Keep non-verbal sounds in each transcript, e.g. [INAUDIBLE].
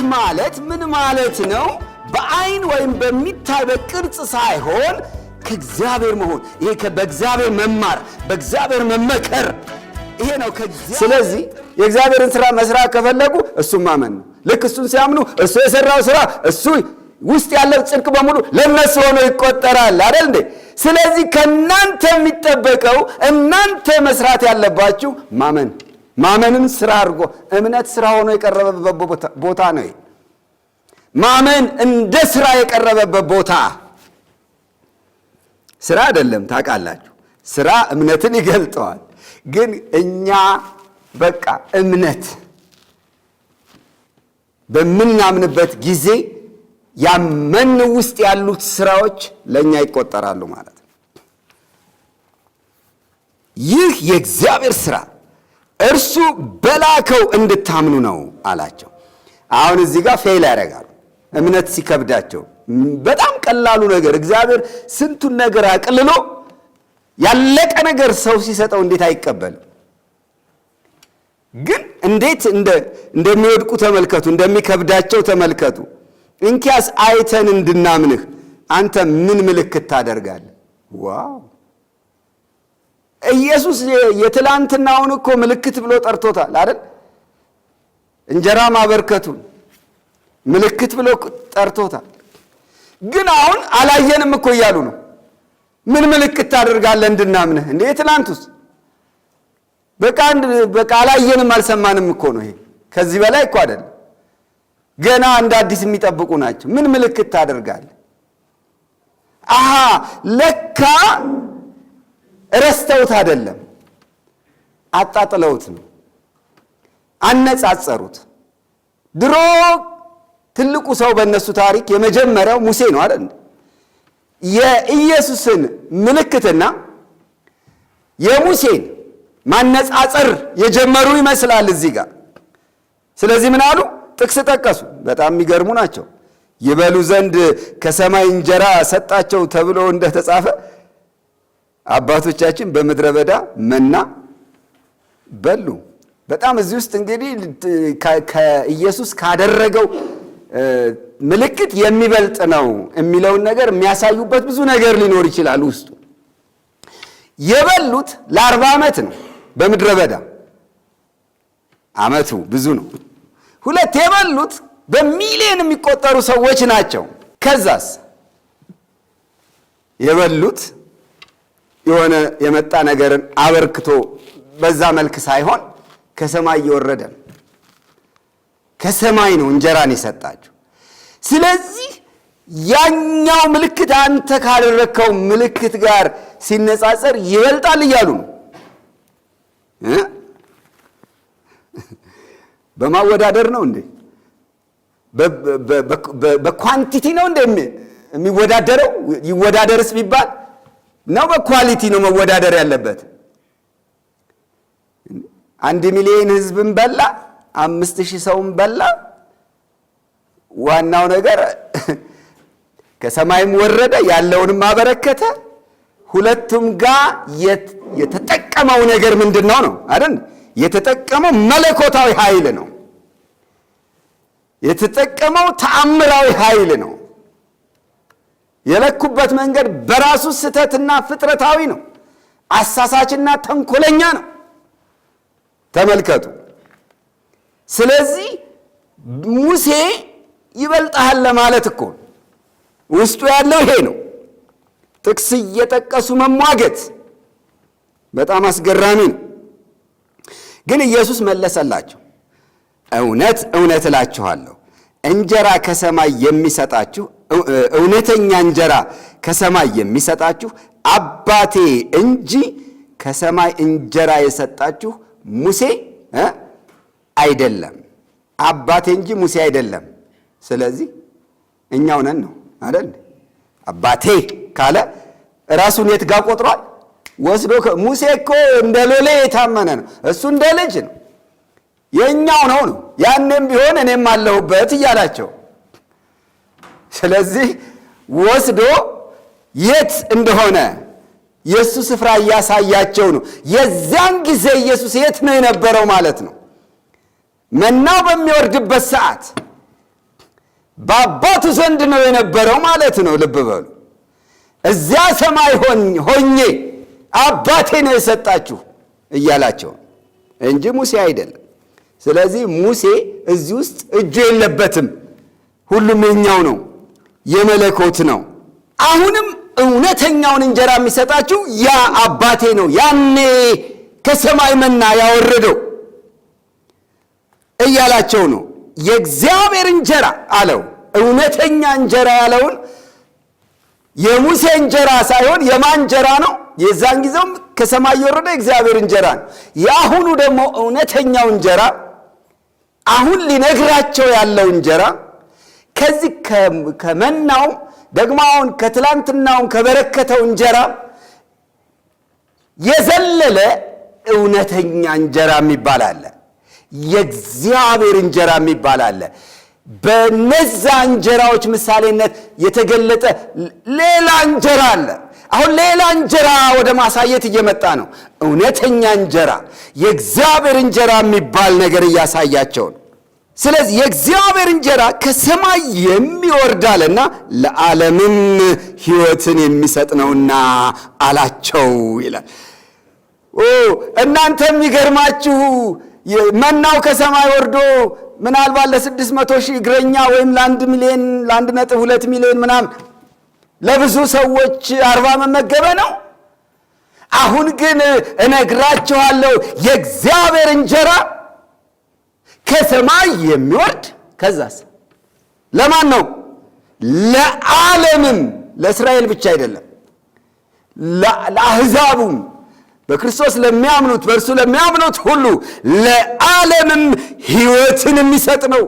ማየት ማለት ምን ማለት ነው? በአይን ወይም በሚታይ በቅርጽ ሳይሆን ከእግዚአብሔር መሆን፣ ይሄ በእግዚአብሔር መማር፣ በእግዚአብሔር መመከር፣ ይሄ ነው። ስለዚህ የእግዚአብሔርን ስራ መስራት ከፈለጉ እሱን ማመን ነው። ልክ እሱን ሲያምኑ እሱ የሰራው ስራ እሱ ውስጥ ያለው ጽድቅ በሙሉ ለነሱ ሆኖ ይቆጠራል አይደል እንዴ? ስለዚህ ከእናንተ የሚጠበቀው እናንተ መስራት ያለባችሁ ማመን ማመንን ስራ አድርጎ እምነት ስራ ሆኖ የቀረበበት ቦታ ነው። ማመን እንደ ስራ የቀረበበት ቦታ ስራ አይደለም። ታውቃላችሁ፣ ስራ እምነትን ይገልጠዋል። ግን እኛ በቃ እምነት በምናምንበት ጊዜ ያመን ውስጥ ያሉት ስራዎች ለእኛ ይቆጠራሉ ማለት ነው። ይህ የእግዚአብሔር ስራ እርሱ በላከው እንድታምኑ ነው አላቸው። አሁን እዚህ ጋር ፌል ያደርጋሉ። እምነት ሲከብዳቸው በጣም ቀላሉ ነገር እግዚአብሔር ስንቱን ነገር አቅልሎ ያለቀ ነገር ሰው ሲሰጠው እንዴት አይቀበልም? ግን እንዴት እንደሚወድቁ ተመልከቱ፣ እንደሚከብዳቸው ተመልከቱ። እንኪያስ አይተን እንድናምንህ አንተ ምን ምልክት ታደርጋለህ? ዋው ኢየሱስ የትላንትናውን እኮ ምልክት ብሎ ጠርቶታል አይደል? እንጀራ ማበርከቱን ምልክት ብሎ ጠርቶታል። ግን አሁን አላየንም እኮ እያሉ ነው። ምን ምልክት ታደርጋለ እንድናምንህ? እንዴ ትላንቱስ በቃ በቃ አላየንም አልሰማንም እኮ ነው። ይሄ ከዚህ በላይ እኮ አደለ? ገና እንደ አዲስ የሚጠብቁ ናቸው። ምን ምልክት ታደርጋለ አሃ ለካ ረስተውት አይደለም፣ አጣጥለውት ነው። አነጻጸሩት። ድሮ ትልቁ ሰው በእነሱ ታሪክ የመጀመሪያው ሙሴ ነው አይደል? የኢየሱስን ምልክትና የሙሴን ማነጻጸር የጀመሩ ይመስላል እዚህ ጋር። ስለዚህ ምን አሉ? ጥቅስ ጠቀሱ። በጣም የሚገርሙ ናቸው። ይበሉ ዘንድ ከሰማይ እንጀራ ሰጣቸው ተብሎ እንደተጻፈ አባቶቻችን በምድረ በዳ መና በሉ። በጣም እዚህ ውስጥ እንግዲህ ከኢየሱስ ካደረገው ምልክት የሚበልጥ ነው የሚለውን ነገር የሚያሳዩበት ብዙ ነገር ሊኖር ይችላል። ውስጡ የበሉት ለአርባ ዓመት ነው በምድረ በዳ ዓመቱ ብዙ ነው። ሁለት የበሉት በሚሊዮን የሚቆጠሩ ሰዎች ናቸው። ከዛስ የበሉት የሆነ የመጣ ነገርን አበርክቶ በዛ መልክ ሳይሆን ከሰማይ እየወረደ ነው። ከሰማይ ነው እንጀራን የሰጣችሁ። ስለዚህ ያኛው ምልክት አንተ ካደረግከው ምልክት ጋር ሲነጻጸር ይበልጣል እያሉ ነው። በማወዳደር ነው እንዴ? በኳንቲቲ ነው እንዴ የሚወዳደረው? ይወዳደርስ ቢባል ነው በኳሊቲ ነው መወዳደር ያለበት። አንድ ሚሊዮን ህዝብን በላ፣ አምስት ሺህ ሰውን በላ። ዋናው ነገር [LAUGHS] ከሰማይም ወረደ ያለውንም አበረከተ። ሁለቱም ጋር የተጠቀመው ነገር ምንድን ነው ነው አይደል? የተጠቀመው መለኮታዊ ኃይል ነው። የተጠቀመው ተአምራዊ ኃይል ነው። የለኩበት መንገድ በራሱ ስተትና ፍጥረታዊ ነው። አሳሳችና ተንኮለኛ ነው። ተመልከቱ። ስለዚህ ሙሴ ይበልጣሃል ለማለት እኮ ውስጡ ያለው ይሄ ነው። ጥቅስ እየጠቀሱ መሟገት በጣም አስገራሚ ነው። ግን ኢየሱስ መለሰላቸው፣ እውነት እውነት እላችኋለሁ እንጀራ ከሰማይ የሚሰጣችሁ እውነተኛ እንጀራ ከሰማይ የሚሰጣችሁ አባቴ እንጂ ከሰማይ እንጀራ የሰጣችሁ ሙሴ አይደለም። አባቴ እንጂ ሙሴ አይደለም። ስለዚህ እኛው ነን ነው አይደል? አባቴ ካለ ራሱን የት ጋር ቆጥሯል? ወስዶ ሙሴ እኮ እንደ ሎሌ የታመነ ነው። እሱ እንደ ልጅ ነው፣ የእኛው ነው ነው ያንም ቢሆን እኔም አለሁበት እያላቸው ስለዚህ ወስዶ የት እንደሆነ የእሱ ስፍራ እያሳያቸው ነው። የዚያን ጊዜ ኢየሱስ የት ነው የነበረው ማለት ነው? መናው በሚወርድበት ሰዓት በአባቱ ዘንድ ነው የነበረው ማለት ነው። ልብ በሉ። እዚያ ሰማይ ሆኜ አባቴ ነው የሰጣችሁ እያላቸው እንጂ ሙሴ አይደለም። ስለዚህ ሙሴ እዚህ ውስጥ እጁ የለበትም። ሁሉም የኛው ነው። የመለኮት ነው። አሁንም እውነተኛውን እንጀራ የሚሰጣችሁ ያ አባቴ ነው። ያኔ ከሰማይ መና ያወረደው እያላቸው ነው። የእግዚአብሔር እንጀራ አለው። እውነተኛ እንጀራ ያለውን የሙሴ እንጀራ ሳይሆን የማን እንጀራ ነው? የዛን ጊዜውም ከሰማይ የወረደ እግዚአብሔር እንጀራ ነው። የአሁኑ ደግሞ እውነተኛው እንጀራ አሁን ሊነግራቸው ያለው እንጀራ ከዚህ ከመናው ደግሞ አሁን ከትላንትናውን ከበረከተው እንጀራ የዘለለ እውነተኛ እንጀራ የሚባል አለ። የእግዚአብሔር እንጀራ የሚባል አለ። በነዛ እንጀራዎች ምሳሌነት የተገለጠ ሌላ እንጀራ አለ። አሁን ሌላ እንጀራ ወደ ማሳየት እየመጣ ነው። እውነተኛ እንጀራ፣ የእግዚአብሔር እንጀራ የሚባል ነገር እያሳያቸው ነው። ስለዚህ የእግዚአብሔር እንጀራ ከሰማይ የሚወርድ አለና ለዓለምም ሕይወትን የሚሰጥ ነውና አላቸው ይላል። እናንተ የሚገርማችሁ መናው ከሰማይ ወርዶ ምናልባት ለስድስት መቶ ሺህ እግረኛ ወይም ለአንድ ሚሊዮን ለአንድ ነጥብ ሁለት ሚሊዮን ምናምን ለብዙ ሰዎች አርባ መመገበ ነው። አሁን ግን እነግራችኋለሁ የእግዚአብሔር እንጀራ ከሰማይ የሚወርድ ከዛስ ለማን ነው? ለዓለምም፣ ለእስራኤል ብቻ አይደለም፣ ለአሕዛቡም በክርስቶስ ለሚያምኑት በእርሱ ለሚያምኑት ሁሉ ለዓለምም ሕይወትን የሚሰጥ ነው።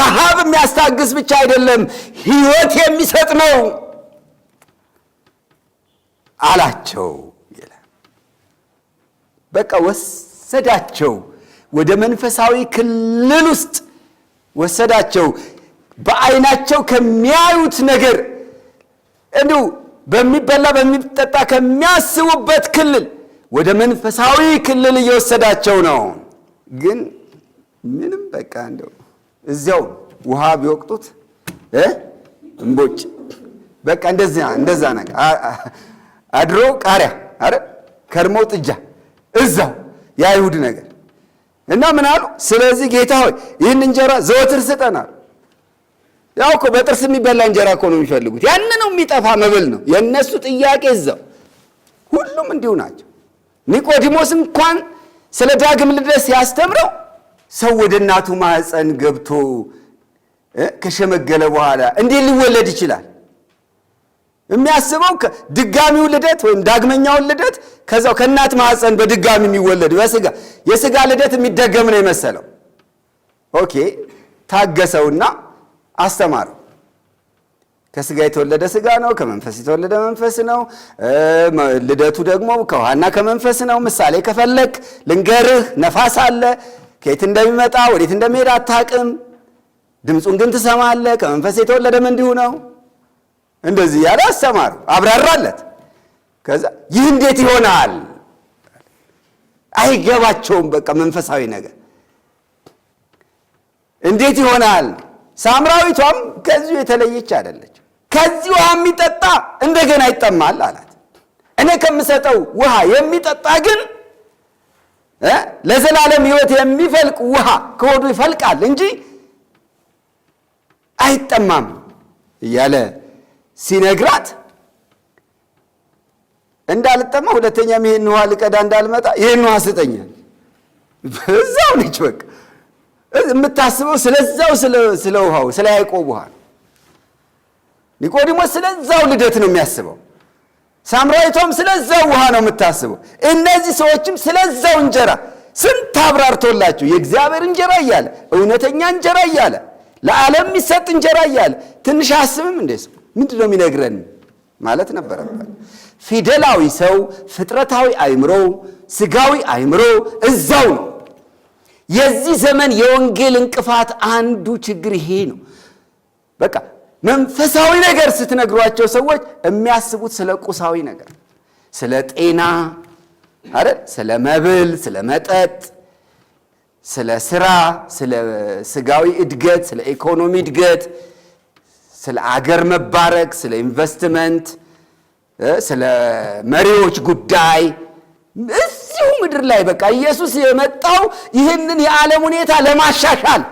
ረሃብ የሚያስታግስ ብቻ አይደለም፣ ሕይወት የሚሰጥ ነው አላቸው ይላል። በቃ ወሰዳቸው። ወደ መንፈሳዊ ክልል ውስጥ ወሰዳቸው። በአይናቸው ከሚያዩት ነገር እንዲሁ በሚበላ በሚጠጣ ከሚያስቡበት ክልል ወደ መንፈሳዊ ክልል እየወሰዳቸው ነው። ግን ምንም በቃ እንደው እዚያው ውሃ ቢወቅጡት እምቦጭ በቃ እንደዚያ እንደዛ ነገር አድሮ ቃሪያ አረ ከርሞ ጥጃ እዛው የአይሁድ ነገር እና ምን አሉ? ስለዚህ ጌታ ሆይ ይህን እንጀራ ዘወትር ስጠናል። ያው እኮ በጥርስ የሚበላ እንጀራ እኮ ነው የሚፈልጉት። ያን ነው የሚጠፋ መብል ነው የእነሱ ጥያቄ። እዛው ሁሉም እንዲሁ ናቸው። ኒቆዲሞስ እንኳን ስለ ዳግም ልደት ሲያስተምረው ሰው ወደ እናቱ ማኅፀን ገብቶ ከሸመገለ በኋላ እንዴት ሊወለድ ይችላል? የሚያስበው ድጋሚው ልደት ወይም ዳግመኛውን ልደት ከዛው ከእናት ማህፀን በድጋሚ የሚወለድ በስጋ የስጋ ልደት የሚደገም ነው የመሰለው። ኦኬ ታገሰውና አስተማረው። ከስጋ የተወለደ ስጋ ነው፣ ከመንፈስ የተወለደ መንፈስ ነው። ልደቱ ደግሞ ከውሃና ከመንፈስ ነው። ምሳሌ ከፈለክ ልንገርህ፣ ነፋስ አለ። ከየት እንደሚመጣ ወዴት እንደሚሄድ አታቅም ድምፁን ግን ትሰማለ። ከመንፈስ የተወለደም እንዲሁ ነው። እንደዚህ ያለ አስተማሩ፣ አብራራለት። ከዛ ይህ እንዴት ይሆናል? አይገባቸውም። በቃ መንፈሳዊ ነገር እንዴት ይሆናል? ሳምራዊቷም ከዚሁ የተለየች አይደለች። ከዚህ ውሃ የሚጠጣ እንደገና ይጠማል አላት። እኔ ከምሰጠው ውሃ የሚጠጣ ግን ለዘላለም ሕይወት የሚፈልቅ ውሃ ከሆዱ ይፈልቃል እንጂ አይጠማም እያለ ሲነግራት እንዳልጠማ ሁለተኛም ይህን ውሃ ልቀዳ እንዳልመጣ ይህን ውሃ ስጠኛል። እዛው ነች። በቃ የምታስበው ስለዛው ስለ ውሃው ስለ ያዕቆብ ውሃ ነው። ኒቆዲሞስ ስለዛው ልደት ነው የሚያስበው። ሳምራዊቷም ስለዛው ውሃ ነው የምታስበው። እነዚህ ሰዎችም ስለዛው እንጀራ ስንት አብራርቶላቸው የእግዚአብሔር እንጀራ እያለ እውነተኛ እንጀራ እያለ ለዓለም የሚሰጥ እንጀራ እያለ ትንሽ አስብም እንደ ሰው ምንድ ነው የሚነግረን ማለት ነበረበት። ፊደላዊ ሰው ፍጥረታዊ አእምሮ፣ ስጋዊ አእምሮ እዛው ነው። የዚህ ዘመን የወንጌል እንቅፋት አንዱ ችግር ይሄ ነው። በቃ መንፈሳዊ ነገር ስትነግሯቸው ሰዎች የሚያስቡት ስለ ቁሳዊ ነገር፣ ስለ ጤና አረ ስለ መብል፣ ስለ መጠጥ፣ ስለ ስራ፣ ስለ ስጋዊ እድገት፣ ስለ ኢኮኖሚ እድገት ስለ አገር መባረክ፣ ስለ ኢንቨስትመንት፣ ስለ መሪዎች ጉዳይ እዚሁ ምድር ላይ በቃ ኢየሱስ የመጣው ይህንን የዓለም ሁኔታ ለማሻሻል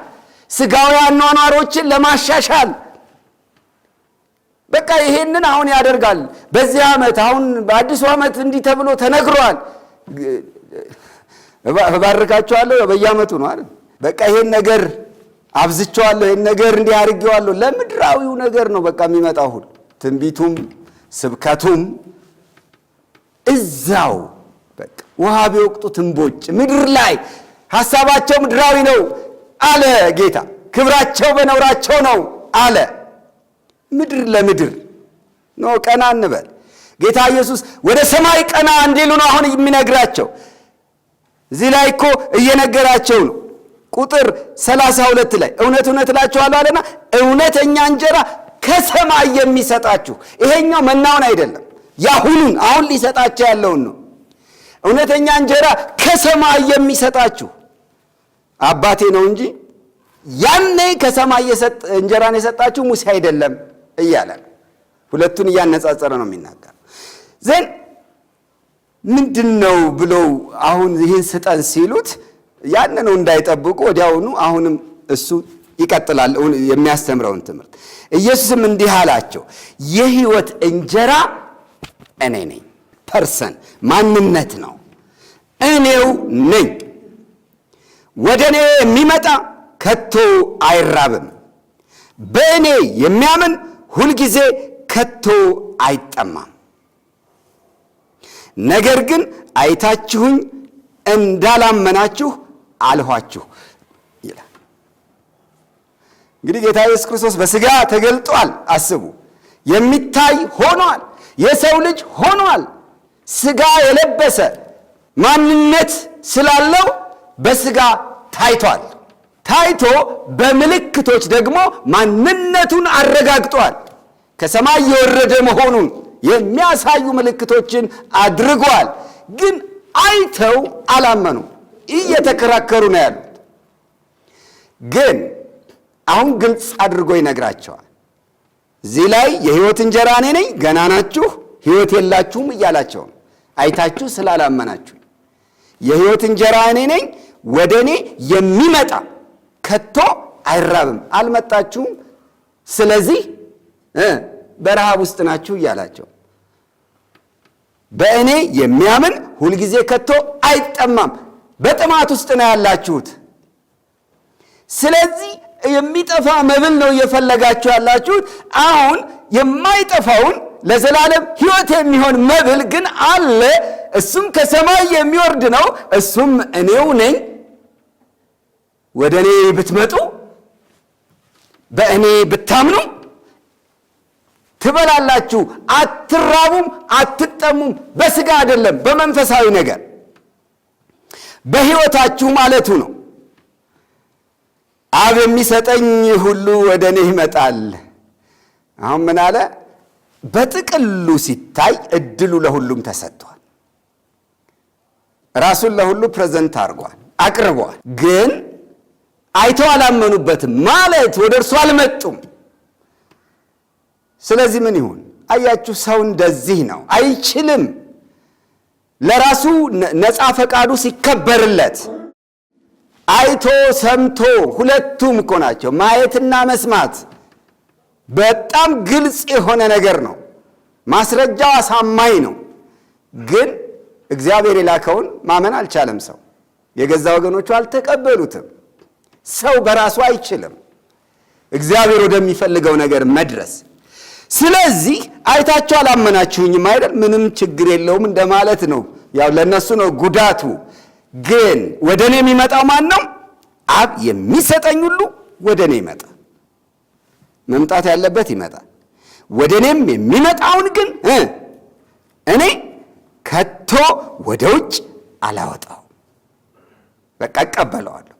ስጋዊ አኗኗሮችን ለማሻሻል በቃ ይሄንን አሁን ያደርጋል። በዚህ ዓመት አሁን በአዲሱ ዓመት እንዲህ ተብሎ ተነግሯል። እባርካቸዋለሁ በየዓመቱ ነው አይደል? በቃ ይሄን ነገር አብዝቸዋለሁ፣ ይህን ነገር እንዲህ አድርጌዋለሁ። ለምድራዊው ነገር ነው በቃ የሚመጣው ሁሉ ትንቢቱም ስብከቱም እዛው በቃ ውሃ ቢወቅጡ ትንቦጭ ምድር ላይ ሐሳባቸው ምድራዊ ነው አለ ጌታ። ክብራቸው በነውራቸው ነው አለ። ምድር ለምድር ኖ ቀና እንበል። ጌታ ኢየሱስ ወደ ሰማይ ቀና እንዲሉ ነው አሁን የሚነግራቸው። እዚህ ላይ እኮ እየነገራቸው ነው ቁጥር 32 ላይ እውነት እውነት እላችኋለሁ አለና እውነተኛ እንጀራ ከሰማይ የሚሰጣችሁ ይሄኛው መናውን አይደለም፣ ያሁኑን አሁን ሊሰጣቸው ያለውን ነው። እውነተኛ እንጀራ ከሰማይ የሚሰጣችሁ አባቴ ነው እንጂ ያኔ ከሰማይ እንጀራን የሰጣችሁ ሙሴ አይደለም እያለ ሁለቱን እያነጻጸረ ነው የሚናገር ዘን ምንድን ነው ብለው አሁን ይህን ስጠን ሲሉት ያንኑ እንዳይጠብቁ ወዲያውኑ አሁንም እሱ ይቀጥላል የሚያስተምረውን ትምህርት። ኢየሱስም እንዲህ አላቸው፣ የህይወት እንጀራ እኔ ነኝ። ፐርሰን ማንነት ነው። እኔው ነኝ። ወደ እኔ የሚመጣ ከቶ አይራብም፣ በእኔ የሚያምን ሁልጊዜ ከቶ አይጠማም። ነገር ግን አይታችሁኝ እንዳላመናችሁ አልኋችሁ ይላል። እንግዲህ ጌታ ኢየሱስ ክርስቶስ በስጋ ተገልጧል። አስቡ፣ የሚታይ ሆኗል። የሰው ልጅ ሆኗል። ስጋ የለበሰ ማንነት ስላለው በስጋ ታይቷል። ታይቶ በምልክቶች ደግሞ ማንነቱን አረጋግጧል። ከሰማይ የወረደ መሆኑን የሚያሳዩ ምልክቶችን አድርጓል። ግን አይተው አላመኑም። እየተከራከሩ ነው ያሉት። ግን አሁን ግልጽ አድርጎ ይነግራቸዋል። እዚህ ላይ የህይወት እንጀራ እኔ ነኝ፣ ገና ናችሁ፣ ህይወት የላችሁም እያላቸው ነው። አይታችሁ ስላላመናችሁ የህይወት እንጀራ እኔ ነኝ፣ ወደ እኔ የሚመጣ ከቶ አይራብም፣ አልመጣችሁም፣ ስለዚህ በረሃብ ውስጥ ናችሁ እያላቸው በእኔ የሚያምን ሁልጊዜ ከቶ አይጠማም፣ በጥማት ውስጥ ነው ያላችሁት። ስለዚህ የሚጠፋ መብል ነው እየፈለጋችሁ ያላችሁት። አሁን የማይጠፋውን ለዘላለም ሕይወት የሚሆን መብል ግን አለ። እሱም ከሰማይ የሚወርድ ነው። እሱም እኔው ነኝ። ወደ እኔ ብትመጡ በእኔ ብታምኑ ትበላላችሁ፣ አትራቡም፣ አትጠሙም። በስጋ አይደለም፣ በመንፈሳዊ ነገር በሕይወታችሁ ማለቱ ነው። አብ የሚሰጠኝ ሁሉ ወደ እኔ ይመጣል። አሁን ምን አለ? በጥቅሉ ሲታይ እድሉ ለሁሉም ተሰጥቷል። ራሱን ለሁሉ ፕሬዘንት አድርጓል፣ አቅርቧል ግን አይተው አላመኑበትም ማለት ወደ እርሱ አልመጡም። ስለዚህ ምን ይሁን? አያችሁ፣ ሰው እንደዚህ ነው፣ አይችልም ለራሱ ነፃ ፈቃዱ ሲከበርለት አይቶ ሰምቶ፣ ሁለቱም እኮ ናቸው። ማየትና መስማት በጣም ግልጽ የሆነ ነገር ነው። ማስረጃው አሳማኝ ነው። ግን እግዚአብሔር የላከውን ማመን አልቻለም። ሰው የገዛ ወገኖቹ አልተቀበሉትም። ሰው በራሱ አይችልም እግዚአብሔር ወደሚፈልገው ነገር መድረስ ስለዚህ አይታችሁ አላመናችሁኝም አይደል? ምንም ችግር የለውም እንደማለት ነው። ያው ለእነሱ ነው ጉዳቱ። ግን ወደ እኔ የሚመጣው ማን ነው? አብ የሚሰጠኝ ሁሉ ወደ እኔ ይመጣ መምጣት ያለበት ይመጣል። ወደ እኔም የሚመጣውን ግን እኔ ከቶ ወደ ውጭ አላወጣው። በቃ እቀበለዋለሁ።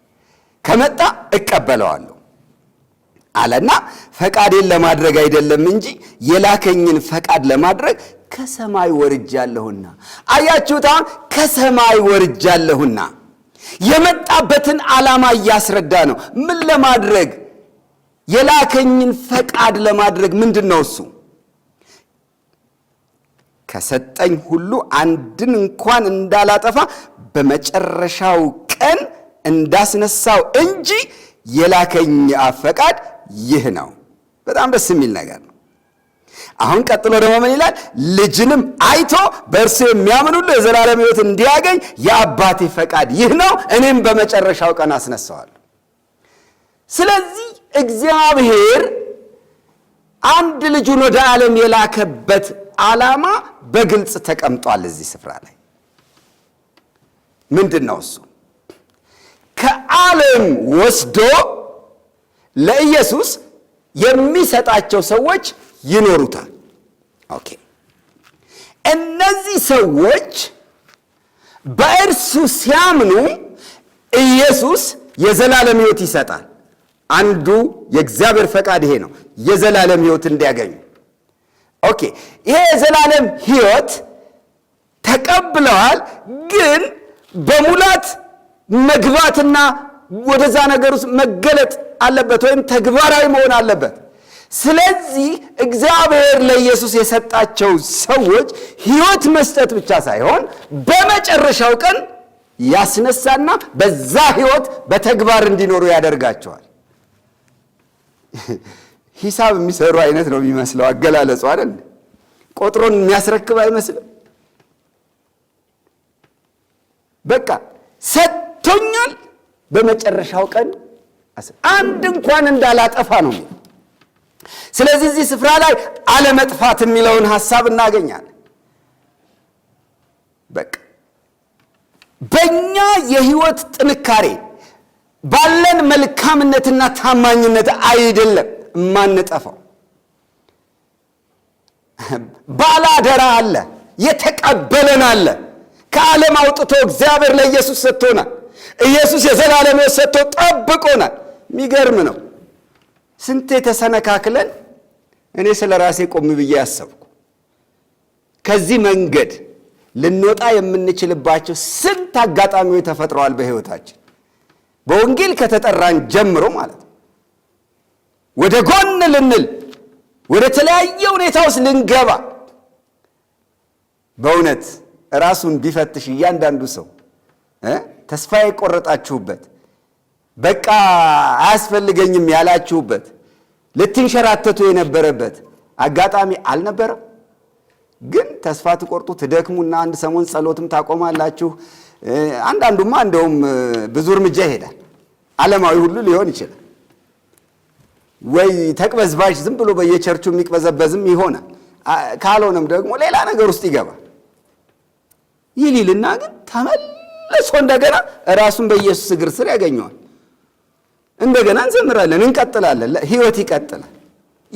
ከመጣ እቀበለዋለሁ አለና ፈቃዴን ለማድረግ አይደለም እንጂ የላከኝን ፈቃድ ለማድረግ ከሰማይ ወርጃለሁና። አያችሁት? አሁን ከሰማይ ወርጃለሁና የመጣበትን ዓላማ እያስረዳ ነው። ምን ለማድረግ? የላከኝን ፈቃድ ለማድረግ። ምንድን ነው እሱ? ከሰጠኝ ሁሉ አንድን እንኳን እንዳላጠፋ በመጨረሻው ቀን እንዳስነሳው እንጂ የላከኝ አፈቃድ ፈቃድ ይህ ነው። በጣም ደስ የሚል ነገር ነው። አሁን ቀጥሎ ደግሞ ምን ይላል? ልጅንም አይቶ በእርሱ የሚያምን ሁሉ የዘላለም ሕይወት እንዲያገኝ የአባቴ ፈቃድ ይህ ነው፣ እኔም በመጨረሻው ቀን አስነሳዋለሁ። ስለዚህ እግዚአብሔር አንድ ልጁን ወደ ዓለም የላከበት ዓላማ በግልጽ ተቀምጧል። እዚህ ስፍራ ላይ ምንድን ነው እሱ? ከዓለም ወስዶ ለኢየሱስ የሚሰጣቸው ሰዎች ይኖሩታል። ኦኬ እነዚህ ሰዎች በእርሱ ሲያምኑ ኢየሱስ የዘላለም ሕይወት ይሰጣል። አንዱ የእግዚአብሔር ፈቃድ ይሄ ነው፣ የዘላለም ሕይወት እንዲያገኙ። ኦኬ ይሄ የዘላለም ሕይወት ተቀብለዋል፣ ግን በሙላት መግባትና ወደዛ ነገር ውስጥ መገለጥ አለበት ወይም ተግባራዊ መሆን አለበት። ስለዚህ እግዚአብሔር ለኢየሱስ የሰጣቸው ሰዎች ህይወት መስጠት ብቻ ሳይሆን በመጨረሻው ቀን ያስነሳና በዛ ህይወት በተግባር እንዲኖሩ ያደርጋቸዋል። [LAUGHS] ሂሳብ የሚሰሩ አይነት ነው የሚመስለው አገላለጹ አይደል? ቆጥሮን የሚያስረክብ አይመስልም። በቃ ሰጥቶኛል፣ በመጨረሻው ቀን አንድ እንኳን እንዳላጠፋ ነው። ስለዚህ እዚህ ስፍራ ላይ አለመጥፋት የሚለውን ሐሳብ እናገኛለን። በቃ በእኛ የህይወት ጥንካሬ ባለን መልካምነትና ታማኝነት አይደለም የማንጠፋው። ባላደራ አለ፣ የተቀበለን አለ፣ ከዓለም አውጥቶ እግዚአብሔር ለኢየሱስ ሰጥቶናል። ኢየሱስ የዘላለም ሰጥቶ ጠብቆናል። የሚገርም ነው። ስንት የተሰነካክለን እኔ ስለ ራሴ ቆም ብዬ ያሰብኩ ከዚህ መንገድ ልንወጣ የምንችልባቸው ስንት አጋጣሚዎች ተፈጥረዋል በህይወታችን በወንጌል ከተጠራን ጀምሮ ማለት ነው። ወደ ጎን ልንል ወደ ተለያየ ሁኔታ ውስጥ ልንገባ በእውነት ራሱን ቢፈትሽ እያንዳንዱ ሰው ተስፋ የቆረጣችሁበት በቃ አያስፈልገኝም ያላችሁበት ልትንሸራተቱ የነበረበት አጋጣሚ አልነበረም? ግን ተስፋ ትቆርጡ ትደክሙና አንድ ሰሞን ጸሎትም ታቆማላችሁ። አንዳንዱማ እንደውም ብዙ እርምጃ ይሄዳል። ዓለማዊ ሁሉ ሊሆን ይችላል ወይ ተቅበዝባዥ ዝም ብሎ በየቸርቹ የሚቅበዘበዝም ይሆናል። ካልሆነም ደግሞ ሌላ ነገር ውስጥ ይገባል። ይህ ሊልና ግን ተመልሶ እንደገና ራሱን በኢየሱስ እግር ስር ያገኘዋል። እንደገና እንዘምራለን፣ እንቀጥላለን። ህይወት ይቀጥላል።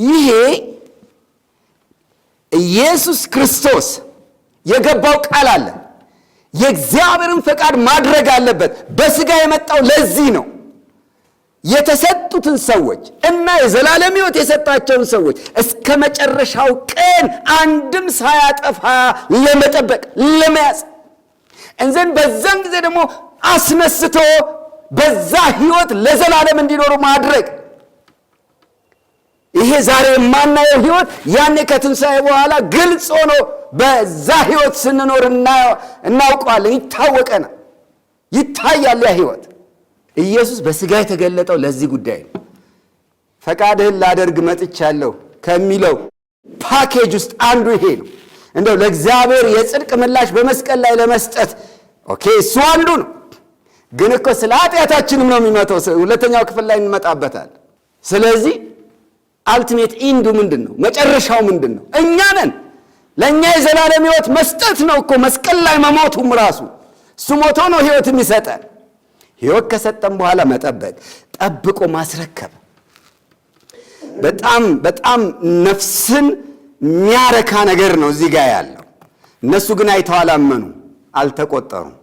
ይሄ ኢየሱስ ክርስቶስ የገባው ቃል አለ። የእግዚአብሔርን ፈቃድ ማድረግ አለበት። በስጋ የመጣው ለዚህ ነው። የተሰጡትን ሰዎች እና የዘላለም ህይወት የሰጣቸውን ሰዎች እስከ መጨረሻው ቀን አንድም ሳያጠፋ ለመጠበቅ ለመያዝ እንዘን በዛን ጊዜ ደግሞ አስነስቶ በዛ ህይወት ለዘላለም እንዲኖሩ ማድረግ። ይሄ ዛሬ የማናየው ህይወት ያኔ ከትንሣኤ በኋላ ግልጽ ሆኖ በዛ ህይወት ስንኖር እናውቀዋለን፣ ይታወቀና ይታያል። ያ ህይወት ኢየሱስ በስጋ የተገለጠው ለዚህ ጉዳይ ነው። ፈቃድህን ላደርግ መጥቻለሁ ከሚለው ፓኬጅ ውስጥ አንዱ ይሄ ነው። እንደው ለእግዚአብሔር የጽድቅ ምላሽ በመስቀል ላይ ለመስጠት ኦኬ፣ እሱ አንዱ ነው። ግን እኮ ስለ ኃጢአታችንም ነው የሚመጣው ሁለተኛው ክፍል ላይ እንመጣበታል። ስለዚህ አልቲሜት ኢንዱ ምንድን ነው? መጨረሻው ምንድን ነው? እኛ ነን። ለእኛ የዘላለም ሕይወት መስጠት ነው እኮ መስቀል ላይ መሞቱም ራሱ እሱ ሞቶ ነው ሕይወት የሚሰጠን። ሕይወት ከሰጠን በኋላ መጠበቅ፣ ጠብቆ ማስረከብ በጣም በጣም ነፍስን የሚያረካ ነገር ነው እዚህ ጋር ያለው። እነሱ ግን አይተው አላመኑ አልተቆጠሩም።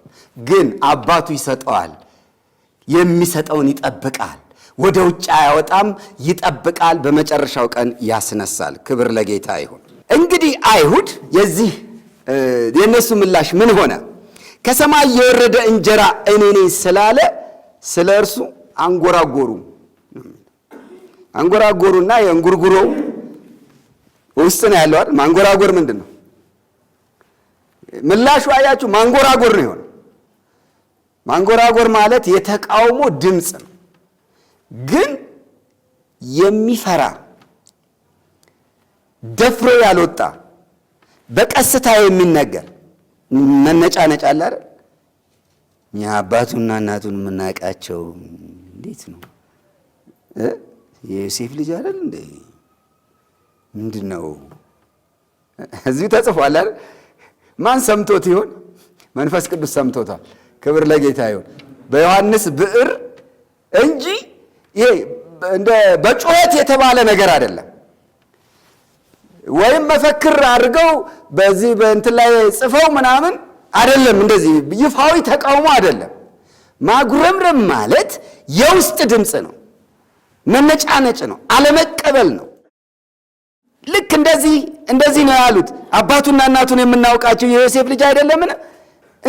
ግን አባቱ ይሰጠዋል። የሚሰጠውን ይጠብቃል፣ ወደ ውጭ አያወጣም፣ ይጠብቃል፣ በመጨረሻው ቀን ያስነሳል። ክብር ለጌታ ይሁን። እንግዲህ አይሁድ የዚህ የእነሱ ምላሽ ምን ሆነ? ከሰማይ የወረደ እንጀራ እኔ ነኝ ስላለ ስለ እርሱ አንጎራጎሩ አንጎራጎሩና የእንጉርጉሮው ውስጥ ነው ያለው አይደል? ማንጎራጎር ምንድን ነው? ምላሹ አያችሁ፣ ማንጎራጎር ነው የሆነው። ማንጎራጎር ማለት የተቃውሞ ድምፅ ነው። ግን የሚፈራ ደፍሮ ያልወጣ በቀስታ የሚነገር መነጫ አለ አይደል? እኛ አባቱና እናቱን የምናውቃቸው እንዴት ነው? የዮሴፍ ልጅ አይደል እንዴ? ምንድን ነው? እዚሁ ተጽፏል አይደል? ማን ሰምቶት ይሆን? መንፈስ ቅዱስ ሰምቶታል። ክብር ለጌታ ይሁን። በዮሐንስ ብዕር እንጂ ይሄ እንደ በጩኸት የተባለ ነገር አይደለም። ወይም መፈክር አድርገው በዚህ በእንትን ላይ ጽፈው ምናምን አይደለም። እንደዚህ ይፋዊ ተቃውሞ አይደለም። ማጉረምረም ማለት የውስጥ ድምፅ ነው፣ መነጫነጭ ነው፣ አለመቀበል ነው። ልክ እንደዚህ እንደዚህ ነው ያሉት። አባቱና እናቱን የምናውቃቸው የዮሴፍ ልጅ አይደለምን?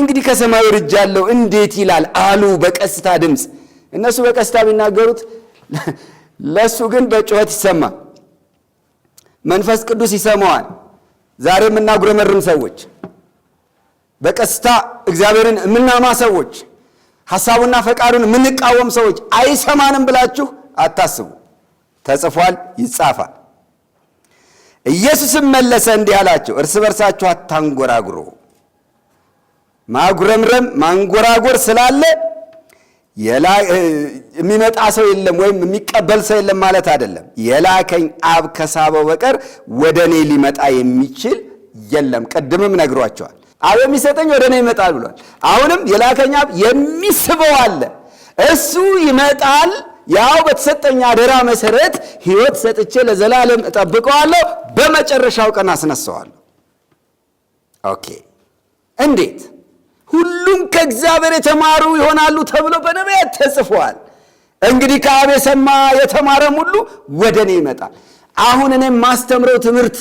እንግዲህ ከሰማይ ወርጃለሁ እንዴት ይላል አሉ በቀስታ ድምፅ። እነሱ በቀስታ ቢናገሩት ለእሱ ግን በጩኸት ይሰማ። መንፈስ ቅዱስ ይሰማዋል። ዛሬ የምናጉረመርም ሰዎች፣ በቀስታ እግዚአብሔርን የምናማ ሰዎች፣ ሐሳቡና ፈቃዱን የምንቃወም ሰዎች አይሰማንም ብላችሁ አታስቡ። ተጽፏል፣ ይጻፋል። ኢየሱስም መለሰ እንዲህ አላቸው፣ እርስ በርሳችሁ አታንጎራጉሮ ማጉረምረም ማንጎራጎር ስላለ የሚመጣ ሰው የለም ወይም የሚቀበል ሰው የለም ማለት አይደለም። የላከኝ አብ ከሳበው በቀር ወደ እኔ ሊመጣ የሚችል የለም። ቅድምም ነግሯቸዋል። አብ የሚሰጠኝ ወደ እኔ ይመጣል ብሏል። አሁንም የላከኝ አብ የሚስበው አለ። እሱ ይመጣል። ያው በተሰጠኝ አደራ መሰረት ሕይወት ሰጥቼ ለዘላለም እጠብቀዋለሁ። በመጨረሻው ቀን አስነሳዋለሁ። ኦኬ እንዴት ሁሉም ከእግዚአብሔር የተማሩ ይሆናሉ ተብሎ በነቢያት ተጽፏል። እንግዲህ ከአብ የሰማ የተማረም ሁሉ ወደ እኔ ይመጣል። አሁን እኔ የማስተምረው ትምህርት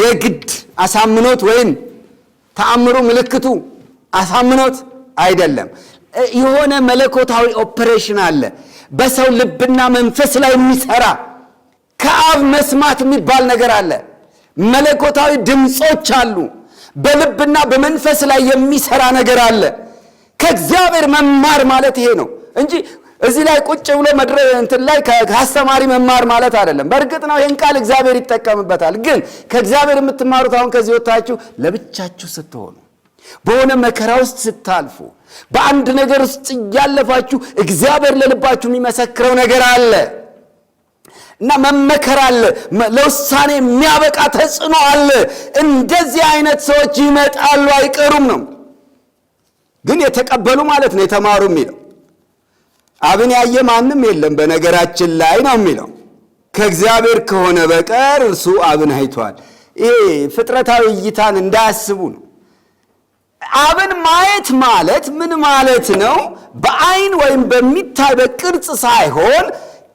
የግድ አሳምኖት ወይም ተአምሩ ምልክቱ አሳምኖት አይደለም። የሆነ መለኮታዊ ኦፕሬሽን አለ በሰው ልብና መንፈስ ላይ የሚሰራ ከአብ መስማት የሚባል ነገር አለ። መለኮታዊ ድምፆች አሉ። በልብና በመንፈስ ላይ የሚሰራ ነገር አለ። ከእግዚአብሔር መማር ማለት ይሄ ነው እንጂ እዚህ ላይ ቁጭ ብሎ መድረ እንትን ላይ ከአስተማሪ መማር ማለት አይደለም። በእርግጥ ነው ይህን ቃል እግዚአብሔር ይጠቀምበታል። ግን ከእግዚአብሔር የምትማሩት አሁን ከዚህ ወታችሁ ለብቻችሁ ስትሆኑ፣ በሆነ መከራ ውስጥ ስታልፉ፣ በአንድ ነገር ውስጥ እያለፋችሁ እግዚአብሔር ለልባችሁ የሚመሰክረው ነገር አለ። እና መመከር አለ። ለውሳኔ የሚያበቃ ተጽዕኖ አለ። እንደዚህ አይነት ሰዎች ይመጣሉ፣ አይቀሩም ነው። ግን የተቀበሉ ማለት ነው የተማሩ የሚለው አብን ያየ ማንም የለም በነገራችን ላይ ነው የሚለው ከእግዚአብሔር ከሆነ በቀር እርሱ አብን አይቷል። ይሄ ፍጥረታዊ እይታን እንዳያስቡ ነው። አብን ማየት ማለት ምን ማለት ነው? በአይን ወይም በሚታይ በቅርጽ ሳይሆን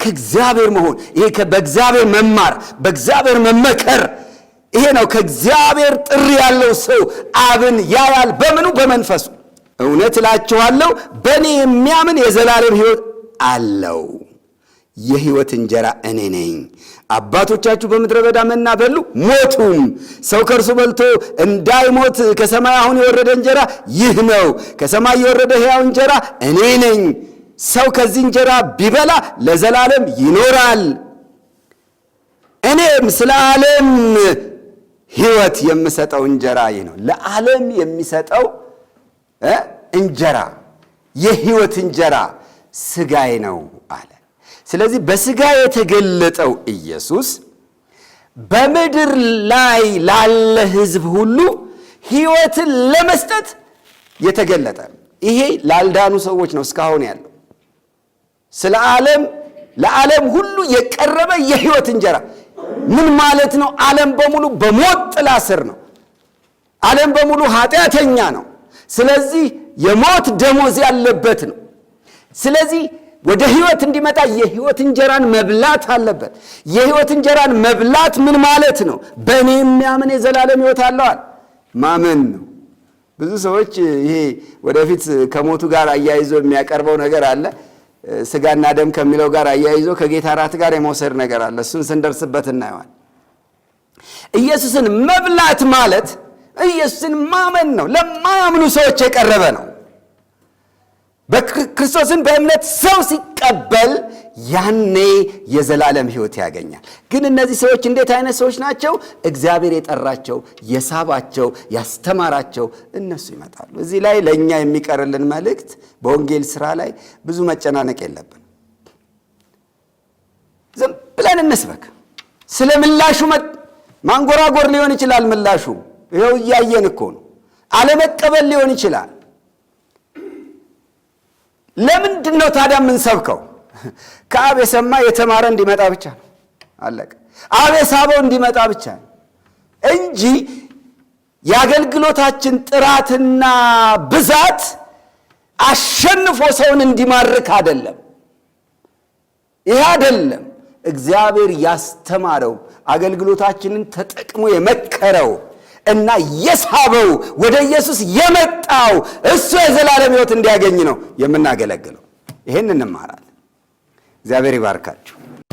ከእግዚአብሔር መሆን ይሄ በእግዚአብሔር መማር በእግዚአብሔር መመከር ይሄ ነው። ከእግዚአብሔር ጥሪ ያለው ሰው አብን ያያል። በምኑ? በመንፈሱ። እውነት እላችኋለሁ በእኔ የሚያምን የዘላለም ህይወት አለው። የህይወት እንጀራ እኔ ነኝ። አባቶቻችሁ በምድረ በዳ መና በሉ፣ ሞቱም። ሰው ከእርሱ በልቶ እንዳይሞት ከሰማይ አሁን የወረደ እንጀራ ይህ ነው። ከሰማይ የወረደ ሕያው እንጀራ እኔ ነኝ። ሰው ከዚህ እንጀራ ቢበላ ለዘላለም ይኖራል። እኔም ስለ ዓለም ሕይወት የምሰጠው እንጀራ ይህ ነው። ለዓለም የሚሰጠው እንጀራ የሕይወት እንጀራ ሥጋዬ ነው አለ። ስለዚህ በስጋ የተገለጠው ኢየሱስ በምድር ላይ ላለ ሕዝብ ሁሉ ሕይወትን ለመስጠት የተገለጠ ይሄ ላልዳኑ ሰዎች ነው እስካሁን ያለው ስለ ዓለም ለዓለም ሁሉ የቀረበ የህይወት እንጀራ ምን ማለት ነው? ዓለም በሙሉ በሞት ጥላ ስር ነው። ዓለም በሙሉ ኃጢአተኛ ነው። ስለዚህ የሞት ደሞዝ ያለበት ነው። ስለዚህ ወደ ህይወት እንዲመጣ የህይወት እንጀራን መብላት አለበት። የህይወት እንጀራን መብላት ምን ማለት ነው? በእኔ የሚያምን የዘላለም ህይወት አለዋል። ማመን ነው። ብዙ ሰዎች ይሄ ወደፊት ከሞቱ ጋር አያይዞ የሚያቀርበው ነገር አለ ስጋና ደም ከሚለው ጋር አያይዞ ከጌታ ራት ጋር የመውሰድ ነገር አለ። እሱን ስንደርስበት እናየዋል። ኢየሱስን መብላት ማለት ኢየሱስን ማመን ነው። ለማያምኑ ሰዎች የቀረበ ነው። በክርስቶስን በእምነት ሰው ሲቀበል ያኔ የዘላለም ሕይወት ያገኛል። ግን እነዚህ ሰዎች እንዴት አይነት ሰዎች ናቸው? እግዚአብሔር የጠራቸው፣ የሳባቸው፣ ያስተማራቸው እነሱ ይመጣሉ። እዚህ ላይ ለእኛ የሚቀርልን መልእክት በወንጌል ስራ ላይ ብዙ መጨናነቅ የለብን። ዝም ብለን እንስበክ። ስለ ምላሹ ማንጎራጎር ሊሆን ይችላል። ምላሹ ይኸው እያየን እኮ ነው። አለመቀበል ሊሆን ይችላል ለምንድን ነው ታዲያ የምንሰብከው? ከአብ የሰማ የተማረ እንዲመጣ ብቻ ነው። አለቀ። አብ የሳበው እንዲመጣ ብቻ ነው እንጂ የአገልግሎታችን ጥራትና ብዛት አሸንፎ ሰውን እንዲማርክ አይደለም። ይህ አይደለም። እግዚአብሔር ያስተማረው አገልግሎታችንን ተጠቅሞ የመከረው እና የሳበው ወደ ኢየሱስ የመጣው እሱ የዘላለም ሕይወት እንዲያገኝ ነው የምናገለግለው። ይህን እንማራለን። እግዚአብሔር ይባርካችሁ።